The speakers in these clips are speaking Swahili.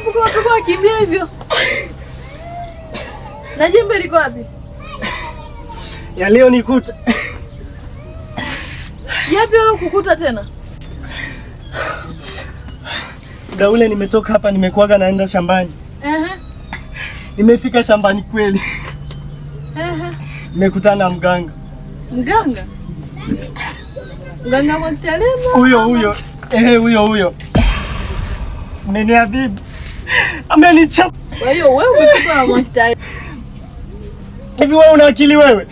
Nakumbuka watu wakimbia hivyo. Na jembe liko wapi? Ya leo nikuta. Yapi leo kukuta tena? Muda ule nimetoka hapa nimekuaga naenda shambani. Ehe. Uh -huh. Nimefika shambani kweli. Ehe. Uh -huh. Nimekutana na mganga. Mganga? Mganga wa Mtelema? Huyo huyo. Ehe, huyo huyo. Nene Habibu amenichapa. Kwa hiyo wewe umekuwa monster. Hivi wewe una akili wewe?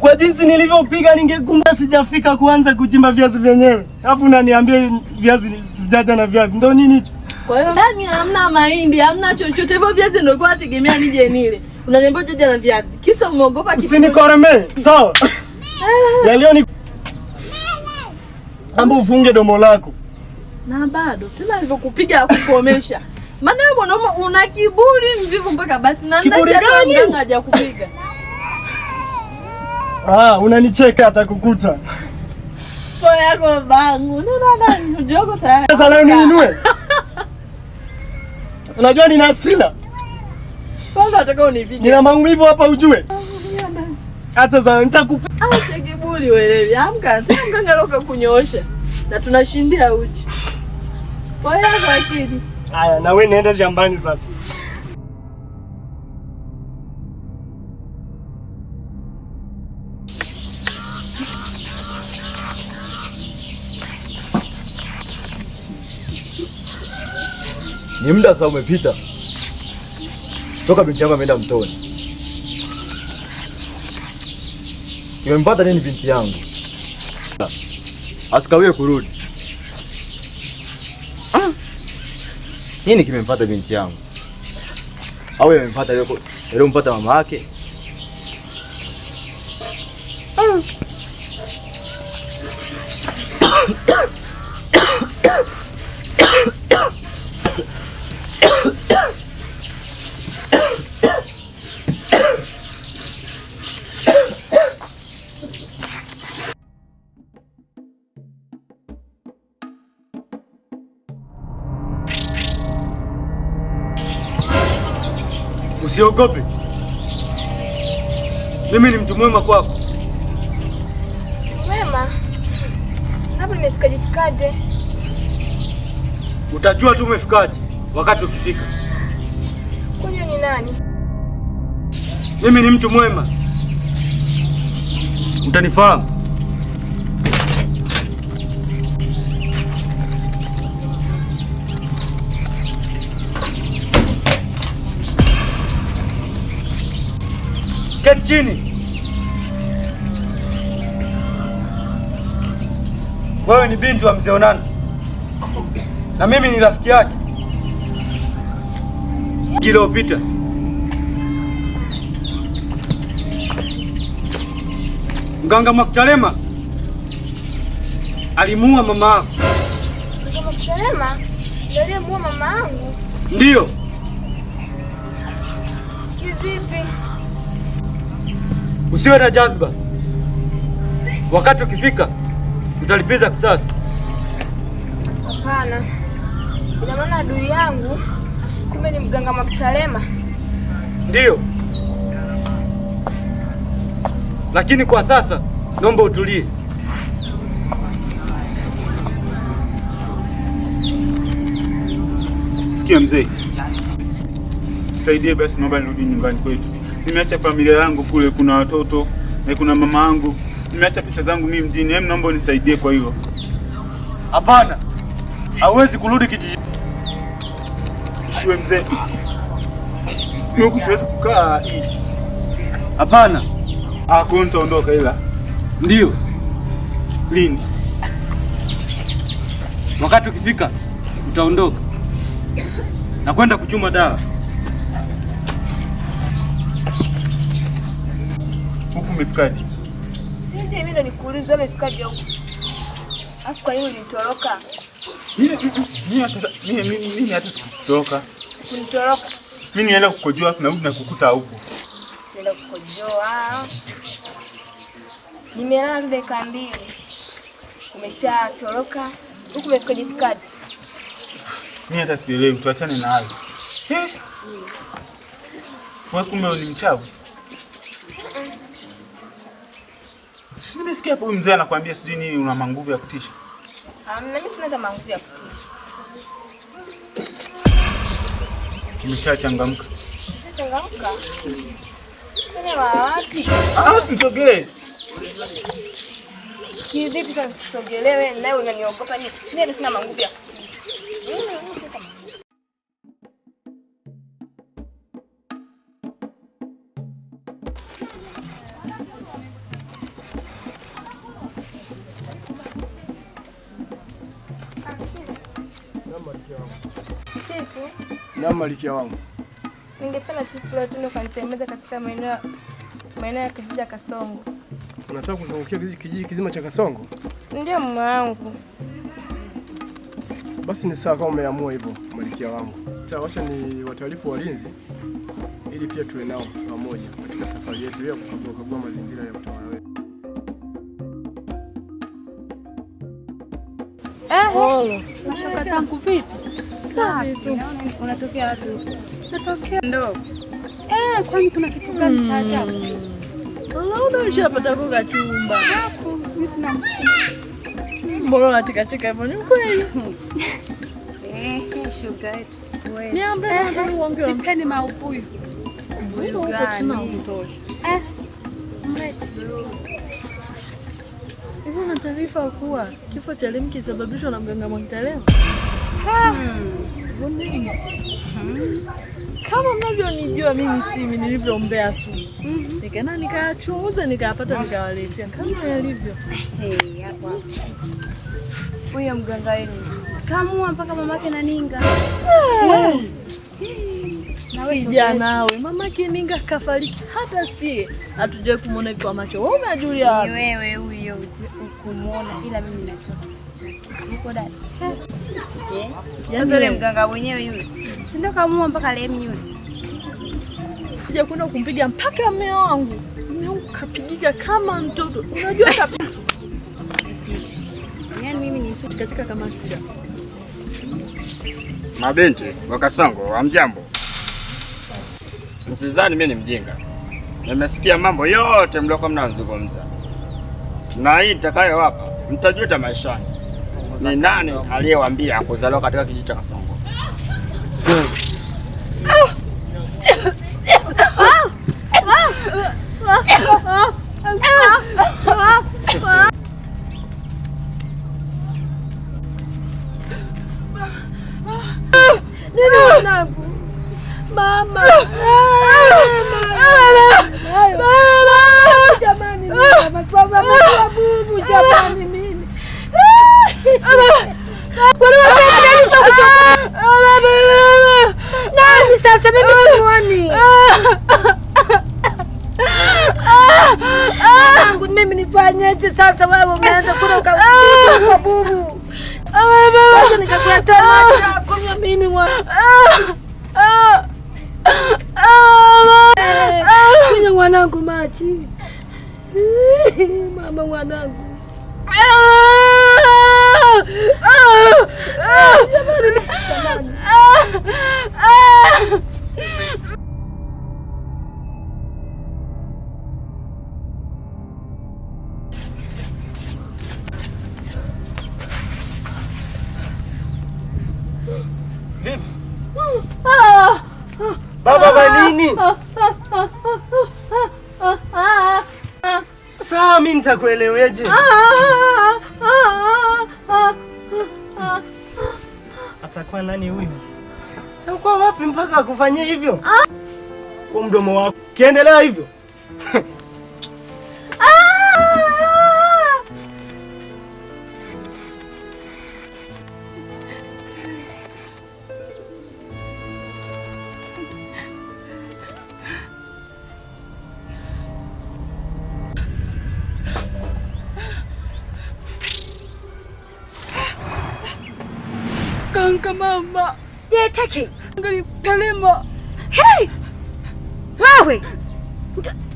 Kwa jinsi nilivyopiga ningekumba sijafika kuanza kuchimba viazi vyenyewe. Alafu unaniambia viazi sijaja na viazi. Ndio nini hicho? Kwa hiyo ndani hamna mahindi, hamna chochote. Hivyo viazi ndio kwa tegemea nije nile. Unaniambia jaja na viazi. Kisa umeogopa kitu. Usinikoremee. Sawa. Eh. Yaliyo ni Ambo ufunge domo lako. Na bado tena alivyokupiga akukomesha. Maana wewe mwanaume una kiburi mvivu mpaka basi na ndani hata mganga kupiga. Ah, unanicheka atakukuta. Poa yako bangu. Nina nani jogo tayari. Sasa leo niinue. Unajua nina hasira. Kwanza atakao unipige. Nina maumivu hapa ujue. Hata za nitakupa. Ah, kiburi wewe. Amka, mganga roka kunyoosha. Na tunashindia uchi. Poa yako akili. Aya, na wewe nenda shambani sasa. Ni muda sasa umepita toka binti yangu ameenda mtoni. Kimempata nini binti yangu asikawie kurudi? Nini kimempata binti yangu? Au yamempata mpata mama yake? Usiogope, mimi ni mtu mwema kwako. Mwema labda nimefikaje? Fikaje utajua tu umefikaje wakati ukifika. Huyo ni nani? Mimi ni mtu mwema, utanifahamu. chini. Wewe ni binti wa mzee Onani na mimi ni rafiki yake. Iliyopita mganga Mwakchalema alimuua mama yako. Mganga Mwakchalema ndio alimuua mama yangu? Ndiyo. Usiwe na jazba, wakati ukifika utalipiza kisasi. Hapana, ina maana adui yangu kumbe ni mganga Makutalema? Ndiyo, lakini kwa sasa naomba utulie. Sikia mzee, saidie basi, naomba nirudi nyumbani kwetu nimeacha familia yangu kule, kuna watoto na kuna mama yangu, nimeacha pesa zangu mimi mjini. Hem, naomba unisaidie kwa hilo. Hapana, hawezi kurudi kijiji. Shwe mzee, mimi kukaa hii. Hapana, hakuna ila ndio lini wakati ukifika utaondoka na kwenda kuchuma dawa. Huku umefikaje? Sije mimi ndo nikuulize umefikaje huku? Afu kwa nini unitoroka? Mimi hata sikutoroka. Unitoroka? Mimi nienda kukojoa afu narudi na huko. Nienda kukojoa. Nimelala dakika mbili. Umeshatoroka. Huku umefikaje fikaje? Mimi hata sielewi, tuachane na hayo. Mm. Wewe kumbe ni mchawi? Si nimesikia hapo mzee anakuambia sijui nini una manguvu ya kutisha. Hamna, um, manguvu ya kutisha. Nimeshachangamka. Nimeshachangamka. Ah, Kivipi sasa usitogelee wewe unaniogopa nini? Mimi sina manguvu ya kutisha. Chifu. Na malikia wangu. Ningependa chifu leo tuni ukanitembeza katika maeneo maeneo ya kijiji cha Kasongo. Unataka kuzungukia kijiji kizima cha Kasongo? Ndio mama wangu. Basi ni sawa kama umeamua hivyo malikia wangu. Sasa wacha ni wataarifu walinzi ili pia tuwe nao pamoja katika safari yetu ya kukagua mazingira ya utawala wetu. Eh, Mashaka zangu vipi? Unatokea wapi? Natokea ndo. Eh, kwani kuna kitu gani cha ajabu? Labda ushapata kuka chumba. Mbona unatikacheka hivyo? Ni kweli. Eh, shoga yetu. Niambie, nataka kuongea. Nipeni maupuyu. Maupuyu gani? Eh, hivyo na taarifa kuwa kifo cha Lemi kisababishwa na mganga Mwakitalewa. Hmm. Kama mnavyonijua mimi simi nilivyoombea asubuhi mm -hmm. Nikaenda nikachunguza nikapata nikawaletea kama yalivyo. Hey, huyo mganga wenu kamua mpaka mamake na ninga. Hey. Hey kijana we, mama Kininga kafariki, hata si hatujawai kumwona hivi kwa macho. Wewe unajulia wapi? Wewe huyo ukumwona, ila mimi nachoka uko dada. Eh? Eh? Yaani Sasa yule mganga mwenyewe yule, si ndio kamua mpaka lemi yule, sija kwenda kumpiga mpaka mme wangu kapigika kama mtoto, unajua kapi yani mimi ni katika kama mabinti wakasango, amjambo msizani mimi ni mjinga, nimesikia mambo yote mliokuwa mnazungumza, na hii nitakayowapa mtajuta maishani. Ni nani aliyewaambia kuzaliwa katika kijiji cha Kasongo? nifanyeje sasa? Wewe umeanza kula ah! kwa bubu. Ah, Acha nikakuletea ah! kunywa mimi mwana. Eh, mwanangu maji. Mama mwanangu. Jamani. Saa mimi nitakueleweje? Atakuwa nani huyu? Atakuwa wapi mpaka akufanyie hivyo? Kwa mdomo wako. Kiendelea hivyo.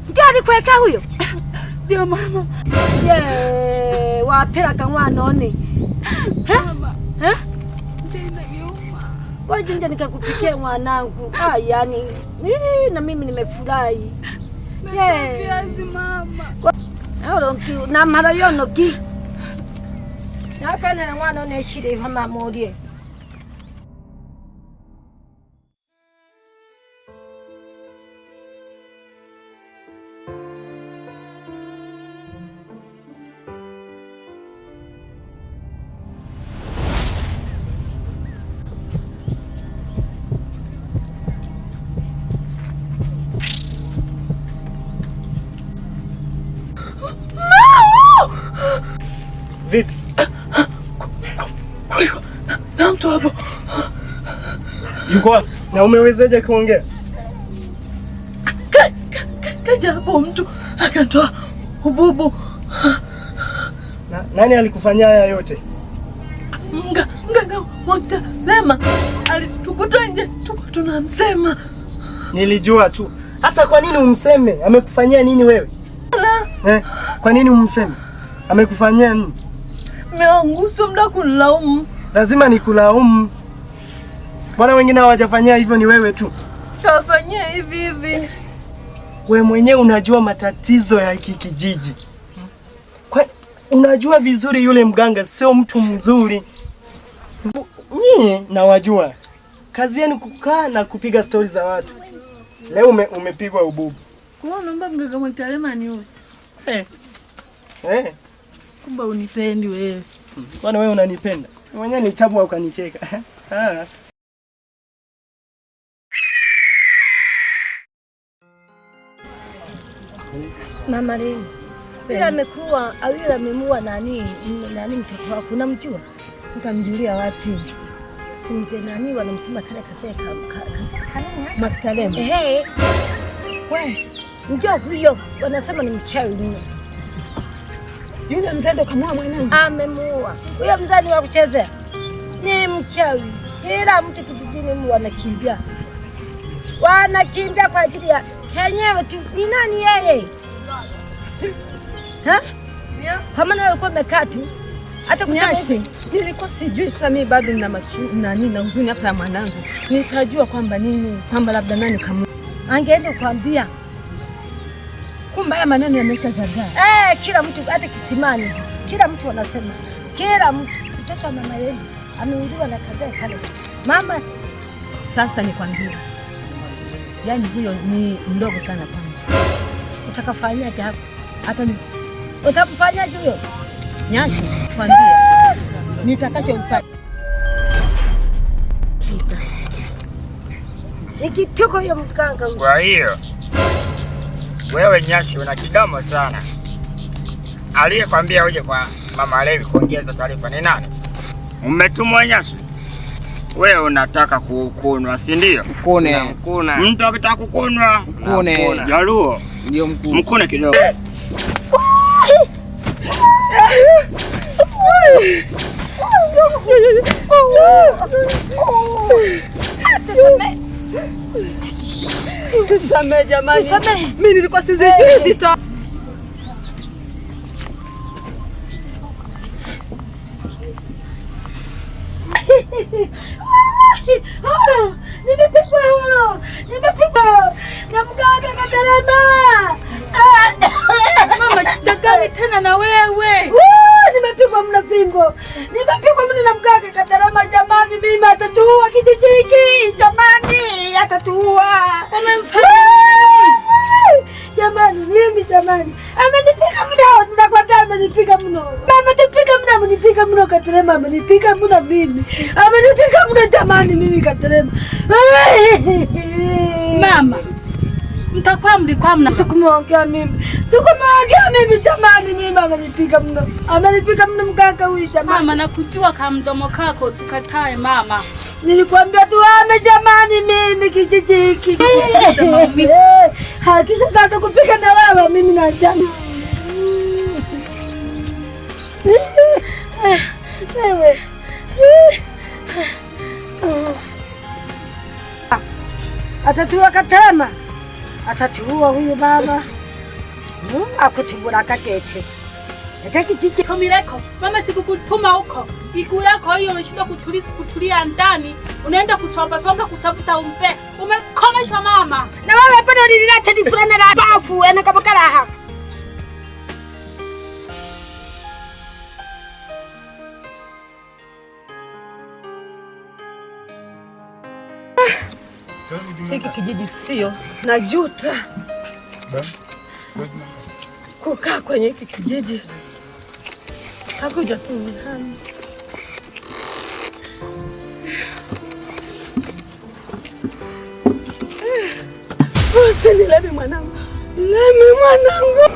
ndio alikuweka huyo? Ndio mama. Ye, wapela kanwa none. Mama. Eh? Kwa jinja nikakupikia mwanangu. Ah, yani. Hii na mimi nimefurahi. Ye. Viazi mama. Na mara yono ki. Nakana mwana ne shire mama morie. Kwa na umewezaje kuongea? Kaja hapo mtu akatoa ububu. Na, nani alikufanyia haya yote? Mga, mganga mmoja Lema alitukuta nje tu tunamsema. Nilijua tu. Sasa kwa nini umseme? Amekufanyia nini wewe? Eh, kwa nini umseme? Amekufanyia nini? Meangusu mda kulaumu. Lazima nikulaumu. Mbona wengine hawajafanyia hivyo? Ni wewe tu Tafanyia hivi hivi. We mwenyewe unajua matatizo ya hiki kijiji, kwa unajua vizuri yule mganga sio mtu mzuri. Nyie nawajua, kazi yenu kukaa na kupiga stori za watu. Leo ume, umepigwa ububu. Unaomba mganga Mwitalema ni wewe? Eh. Eh. Kumbe unipendi wewe. Bwana wewe unanipenda. Mwenyewe ni chapu ukanicheka. Ah. Mama Lina yaani. bila amekuwa au ila amemua nani nani, mtoto wako unamjua? Utamjulia wapi? Simze nani wanamsema kale kaseka Maktalema. Ehe, we njoo huyo, wanasema ni mchawi mno. Yule mzee ndo kamua mwanangu, amemua huyo mzani wa kuchezea, ni mchawi. Kila mtu kijijini mu wanakimbia, wanakimbia kwa ajili ya kenyewe tu. Ni nani yeye? Pamana walikuwa wamekaa tu hata nilikuwa sijui sasa. Mimi bado nina machu nani na huzuni hata ya mwanangu, nitajua kwamba nini, kwamba labda nani kamu angeenda kuambia, kumbe haya maneno yamesha Eh, kila mtu hata kisimani, kila mtu anasema, kila mtu mtoto wa mama yenu ameundiwa na kadhaa kale mama. Sasa nikwambie, yaani huyo ni mdogo sana kwangu, utakafanyia hapo hata ni Utamfanyaje huyo Nyashi? Kwambia nitakachomfanya nikituko hiyo mkanga. Kwa hiyo wewe Nyashi una kidomo sana. Aliyekwambia uje kwa mama Levi kuongeza taarifa ni nani? Umetumwa Nyashi? Wewe unataka kukunwa si ndio? Mkune. Mtu akitaka kukunwa mkune. Jaluo ndio mkune. Mkune kidogo. Tusamehe jamani, mimi nilikuwa sizijui zita Mama, shida gani tena na wewe? nimepigwa mna fimbo, nimepigwa mna na mganga Katarama. Jamani, mimi atatuua kijiji hiki jamani, atatuua jamani, mimi jamani, amenipiga mno, ninakwambia amenipiga mno, amenipiga mno, amenipiga mno Katarama, amenipiga mno mimi, amenipiga mno jamani, mimi Katarama mama mtakuwa mlikuwa mna sikumuongea mimi sikumuongea mimi jamani, mimi amenipiga mno, amenipiga mno mkaka huyu jamani. Mama nakujua mdomo kako, sikatae mama, nilikwambia tu ame, jamani, mimi kijiji hiki hakisha eh, eh, sasa kupika na wewe mimi na jamani eh, wewe oh. atatuwa katema atatuua huyu baba Mungu hmm, akutubura katete atakijijikomireko mama, sikukutuma huko iguu yako hiyo, umeshindwa kutulia ndani, unaenda kusombasomba kutafuta umpe. Umekomeshwa mama, na wewe bado lililete ni fulana la bafu enakavakalaha ah, hiki kijiji sio, najuta kukaa kwenye hiki kijiji. Kakuja tu mhani lemi mwanangu, lemi mwanangu.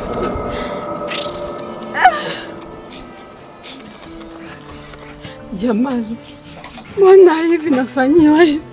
Jamani, mbona hivi nafanyiwa hivi?